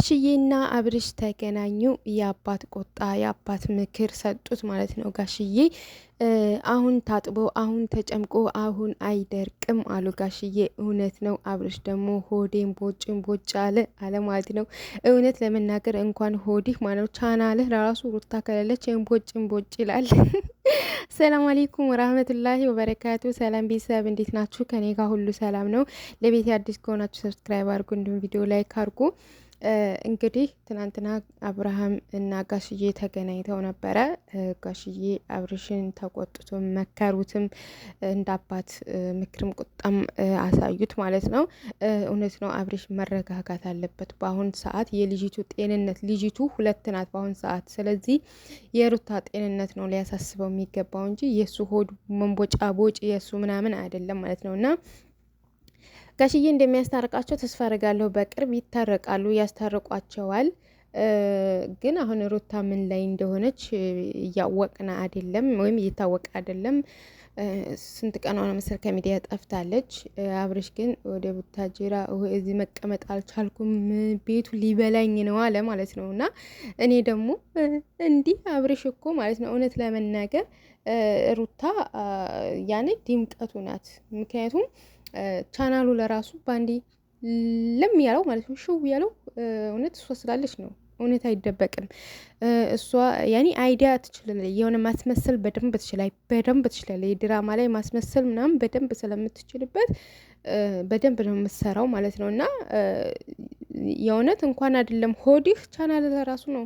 ጋሽዬና አብርሽ ተገናኙ። የአባት ቁጣ የአባት ምክር ሰጡት ማለት ነው። ጋሽዬ አሁን ታጥቦ አሁን ተጨምቆ አሁን አይደርቅም አሉ ጋሽዬ። እውነት ነው። አብርሽ ደግሞ ሆዴን ቦጭን ቦጭ አለ አለ ማለት ነው። እውነት ለመናገር እንኳን ሆዲህ ማለት ነው ቻናልህ ለራሱ ሩታ ከሌለች ቦጭን ቦጭ ይላል። ሰላም አሌይኩም ወራህመቱላሂ ወበረካቱ። ሰላም ቤተሰብ እንዴት ናችሁ? ከኔ ጋር ሁሉ ሰላም ነው። ለቤት አዲስ ከሆናችሁ ሰብስክራይብ አድርጉ፣ እንዲሁም ቪዲዮ ላይክ አድርጉ። እንግዲህ ትናንትና አብርሃም እና ጋሽዬ ተገናኝተው ነበረ። ጋሽዬ አብርሽን ተቆጥቶም መከሩትም እንደ አባት ምክርም ቁጣም አሳዩት ማለት ነው። እውነት ነው፣ አብርሽ መረጋጋት አለበት በአሁን ሰዓት የልጅቱ ጤንነት። ልጅቱ ሁለት ናት በአሁን ሰዓት። ስለዚህ የሩታ ጤንነት ነው ሊያሳስበው የሚገባው እንጂ የእሱ ሆድ መንቦጫ ቦጭ የእሱ ምናምን አይደለም ማለት ነው እና ጋሽዬ እንደሚያስታርቃቸው ተስፋ አደርጋለሁ። በቅርብ ይታረቃሉ፣ ያስታርቋቸዋል። ግን አሁን ሩታ ምን ላይ እንደሆነች እያወቅና አይደለም፣ ወይም እየታወቀ አይደለም። ስንት ቀን ሆነ መሰል ከሚዲያ ጠፍታለች። አብርሽ ግን ወደ ቡታጅራ እዚህ መቀመጥ አልቻልኩም፣ ቤቱ ሊበላኝ ነው አለ ማለት ነው። እና እኔ ደግሞ እንዲህ አብርሽ እኮ ማለት ነው እውነት ለመናገር ሩታ ያኔ ድምቀቱ ናት። ምክንያቱም ቻናሉ ለራሱ በአንዴ ለም ያለው ማለት ነው። ሽው ያለው እውነት እሷ ስላለች ነው። እውነት አይደበቅም። እሷ ያኔ አይዲያ ትችላለች፣ የሆነ ማስመሰል በደንብ ትችላለች፣ በደንብ ትችላለች። የድራማ ላይ ማስመሰል ምናምን በደንብ ስለምትችልበት በደንብ ነው የምትሰራው ማለት ነው። እና የእውነት እንኳን አይደለም ሆዲህ ቻናል ለራሱ ነው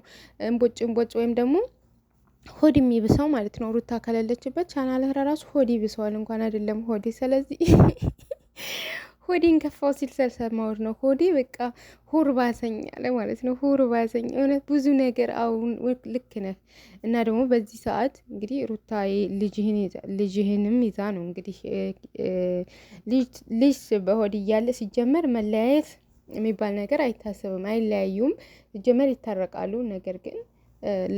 እንቦጭ እንቦጭ ወይም ደግሞ ሆድ የሚብሰው ማለት ነው። ሩታ ከሌለችበት ቻናልህ ለራሱ ሆድ ይብሰዋል፣ እንኳን አይደለም ሆድ። ስለዚህ ሆዴን ከፋው ሲል ሰልሰማወር ነው። ሆዴ በቃ ሁር ባሰኝ አለ ማለት ነው። ሆር እውነት ብዙ ነገር አሁን ልክ ነህ። እና ደግሞ በዚህ ሰዓት እንግዲህ ሩታ ልጅህንም ይዛ ነው እንግዲህ ልጅ በሆድ እያለ ሲጀመር መለያየት የሚባል ነገር አይታሰብም። አይለያዩም፣ ሲጀመር ይታረቃሉ። ነገር ግን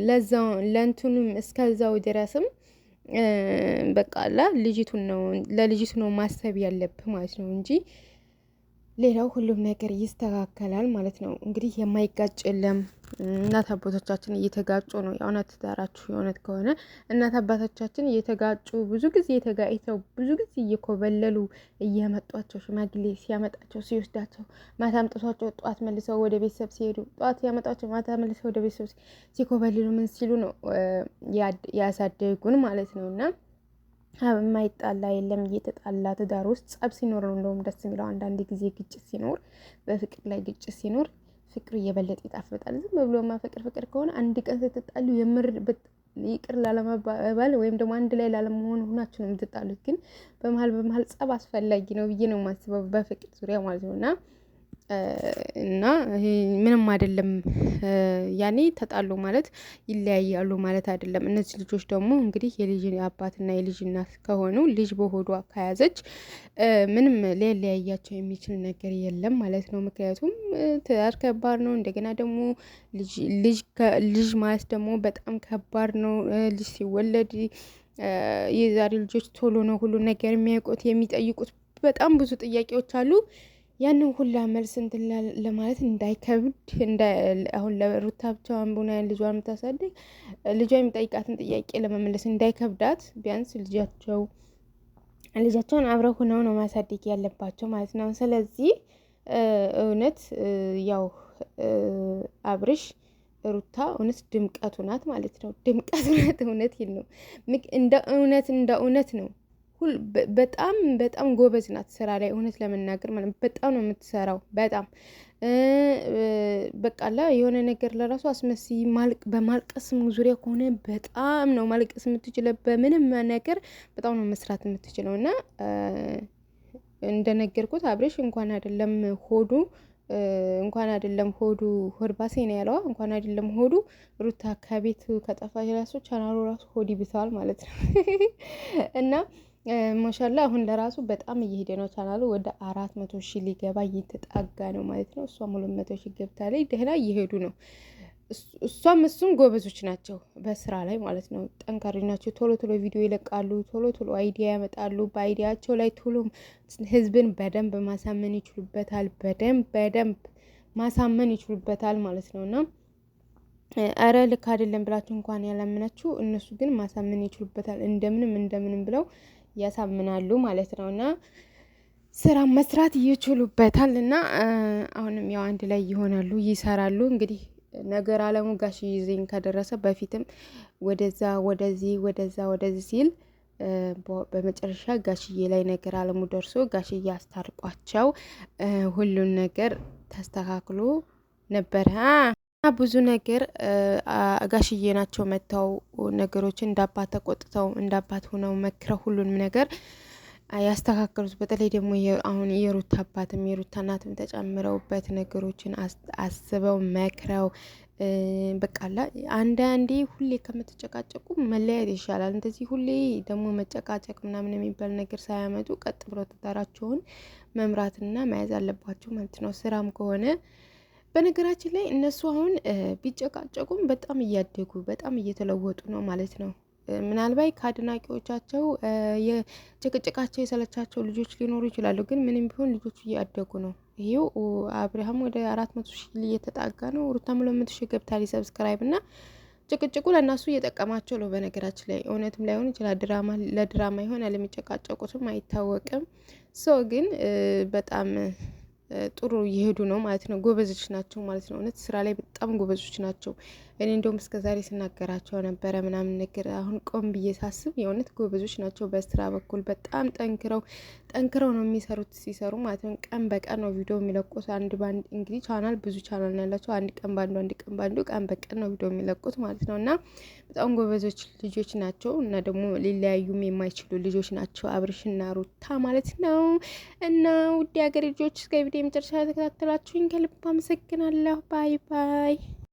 ለዛው ለእንቱንም እስከዛው ድረስም በቃ ላ ልጅቱን ነው ለልጅቱ ነው ማሰብ ያለብህ ማለት ነው እንጂ ሌላው ሁሉም ነገር ይስተካከላል ማለት ነው። እንግዲህ የማይጋጭ የለም። እናት አባቶቻችን እየተጋጩ ነው። የእውነት ትዳራችሁ የእውነት ከሆነ እናት አባቶቻችን እየተጋጩ ብዙ ጊዜ የተጋይተው ብዙ ጊዜ እየኮበለሉ እያመጧቸው ሽማግሌ ሲያመጣቸው ሲወስዳቸው ማታ አምጥቷቸው ጠዋት መልሰው ወደ ቤተሰብ ሲሄዱ ጠዋት ያመጧቸው ማታ መልሰው ወደ ቤተሰብ ሲኮበልሉ ምን ሲሉ ነው ያሳደጉን ማለት ነው እና የማይጣላ የለም እየተጣላ ትዳር ውስጥ ጸብ ሲኖር ነው እንደውም ደስ የሚለው። አንዳንድ ጊዜ ግጭት ሲኖር፣ በፍቅር ላይ ግጭት ሲኖር ፍቅር እየበለጠ ይጣፍጣል። ዝም ብሎማ ፍቅር ፍቅር ከሆነ አንድ ቀን ስትጣሉ የምር ይቅር ላለመባባል ወይም ደግሞ አንድ ላይ ላለመሆን ሆናችሁ ነው የምትጣሉት። ግን በመሀል በመሀል ጸብ አስፈላጊ ነው ብዬ ነው የማስበው በፍቅር ዙሪያ ማለት ነው እና እና ምንም አይደለም። ያኔ ተጣሉ ማለት ይለያያሉ ማለት አይደለም። እነዚህ ልጆች ደግሞ እንግዲህ የልጅ አባትና የልጅ እናት ከሆኑ ልጅ በሆዷ ከያዘች ምንም ሊለያያቸው የሚችል ነገር የለም ማለት ነው። ምክንያቱም ትዳር ከባድ ነው። እንደገና ደግሞ ልጅ ማለት ደግሞ በጣም ከባድ ነው። ልጅ ሲወለድ የዛሬ ልጆች ቶሎ ነው ሁሉ ነገር የሚያውቁት የሚጠይቁት በጣም ብዙ ጥያቄዎች አሉ። ያንን ሁላ መልስ እንትን ለማለት እንዳይከብድ አሁን ለሩታ ብቻዋን ቡና ልጇን የምታሳድግ ልጇ የሚጠይቃትን ጥያቄ ለመመለስ እንዳይከብዳት ቢያንስ ልጃቸው ልጃቸውን አብረው ሆነው ነው ማሳደግ ያለባቸው ማለት ነው። ስለዚህ እውነት ያው አብርሽ ሩታ እውነት ድምቀቱ ናት ማለት ነው። ድምቀቱ ናት እውነት ነው። እንደ እውነት እንደ እውነት ነው በጣም በጣም ጎበዝ ናት ስራ ላይ እውነት ለመናገር ማለት በጣም ነው የምትሰራው። በጣም በቃላ የሆነ ነገር ለራሱ አስመሲ በማልቀስም ዙሪያ ከሆነ በጣም ነው ማልቀስ የምትችለው። በምንም ነገር በጣም ነው መስራት የምትችለው እና እንደነገርኩት አብሬሽ እንኳን አይደለም ሆዱ እንኳን አይደለም ሆዱ ሆድባሴ ነው ያለዋ። እንኳን አይደለም ሆዱ ሩታ ከቤት ከጠፋች ራሱ ቻናሉ ራሱ ሆድ ይብሰዋል ማለት ነው እና ማሻላ አሁን ለራሱ በጣም እየሄደ ነው ቻናሉ ወደ አራት መቶ ሺህ ሊገባ እየተጣጋ ነው ማለት ነው። እሷም ሁለት መቶ ሺህ ገብታ ላይ ደህና እየሄዱ ነው። እሷም እሱም ጎበዞች ናቸው በስራ ላይ ማለት ነው። ጠንካሪ ናቸው። ቶሎ ቶሎ ቪዲዮ ይለቃሉ። ቶሎ ቶሎ አይዲያ ያመጣሉ። በአይዲያቸው ላይ ቶሎ ህዝብን በደንብ ማሳመን ይችሉበታል። በደንብ በደንብ ማሳመን ይችሉበታል ማለት ነው እና አረ ልክ አይደለም ብላችሁ እንኳን ያላምናችሁ እነሱ ግን ማሳመን ይችሉበታል። እንደምንም እንደምንም ብለው ያሳምናሉ ማለት ነው እና ስራ መስራት ይችሉበታል እና አሁንም ያው አንድ ላይ ይሆናሉ፣ ይሰራሉ። እንግዲህ ነገር አለሙ ጋሽ ይዘኝ ከደረሰ በፊትም ወደዛ ወደዚህ ወደዛ ወደዚህ ሲል በመጨረሻ ጋሽዬ ላይ ነገር አለሙ ደርሶ ጋሽዬ አስታርቋቸው ሁሉን ነገር ተስተካክሎ ነበረ። ብዙ ነገር ጋሽዬ ናቸው መጥተው ነገሮችን እንዳባት ተቆጥተው እንዳባት ሆነው መክረው ሁሉንም ነገር ያስተካከሉት። በተለይ ደግሞ አሁን የሩታ አባትም የሩታ እናትም ተጨምረውበት ነገሮችን አስበው መክረው በቃላ አንዳንዴ ሁሌ ከምትጨቃጨቁ መለያየት ይሻላል። እንደዚህ ሁሌ ደግሞ መጨቃጨቅ ምናምን የሚባል ነገር ሳያመጡ ቀጥ ብለው ትዳራቸውን መምራትና መያዝ አለባቸው ማለት ነው። ስራም ከሆነ በነገራችን ላይ እነሱ አሁን ቢጨቃጨቁም በጣም እያደጉ በጣም እየተለወጡ ነው ማለት ነው። ምናልባት ከአድናቂዎቻቸው የጭቅጭቃቸው የሰለቻቸው ልጆች ሊኖሩ ይችላሉ። ግን ምንም ቢሆን ልጆቹ እያደጉ ነው። ይሄው አብርሃም ወደ አራት መቶ ሺህ እየተጣጋ ነው። ሩታም ሁለት መቶ ሺህ ገብታ ሊሰብስክራይብ እና ጭቅጭቁ ለእነሱ እየጠቀማቸው ነው። በነገራችን ላይ እውነትም ላይሆን ይችላል ድራማ ለድራማ ይሆናል የሚጨቃጨቁትም አይታወቅም። ሶ ግን በጣም ጥሩ እየሄዱ ነው ማለት ነው። ጎበዞች ናቸው ማለት ነው። እውነት ስራ ላይ በጣም ጎበዞች ናቸው። እኔ እንደውም ዛሬ ስናገራቸው ነበረ ምናምን ነገር። አሁን ቆም ብዬ ሳስብ የእውነት ጎበዞች ናቸው። በስራ በኩል በጣም ጠንክረው ጠንክረው ነው የሚሰሩት። ሲሰሩ ማለት ነው ቀን በቀን ነው ቪዲዮ የሚለቁት። አንድ በአንድ እንግዲህ ቻናል ብዙ ቻናል ያላቸው። አንድ ቀን በአንዱ አንድ ቀን በአንዱ ቀን በቀን ነው ቪዲዮ የሚለቁት ማለት ነው። እና በጣም ጎበዞች ልጆች ናቸው እና ደግሞ ሊለያዩም የማይችሉ ልጆች ናቸው አብርሽና ሩታ ማለት ነው። እና ውድ ሀገር ልጆች እስከ ቪዲዮ የመጨረሻ ተከታተላችሁኝ ከልብ አመሰግናለሁ። ባይ ባይ።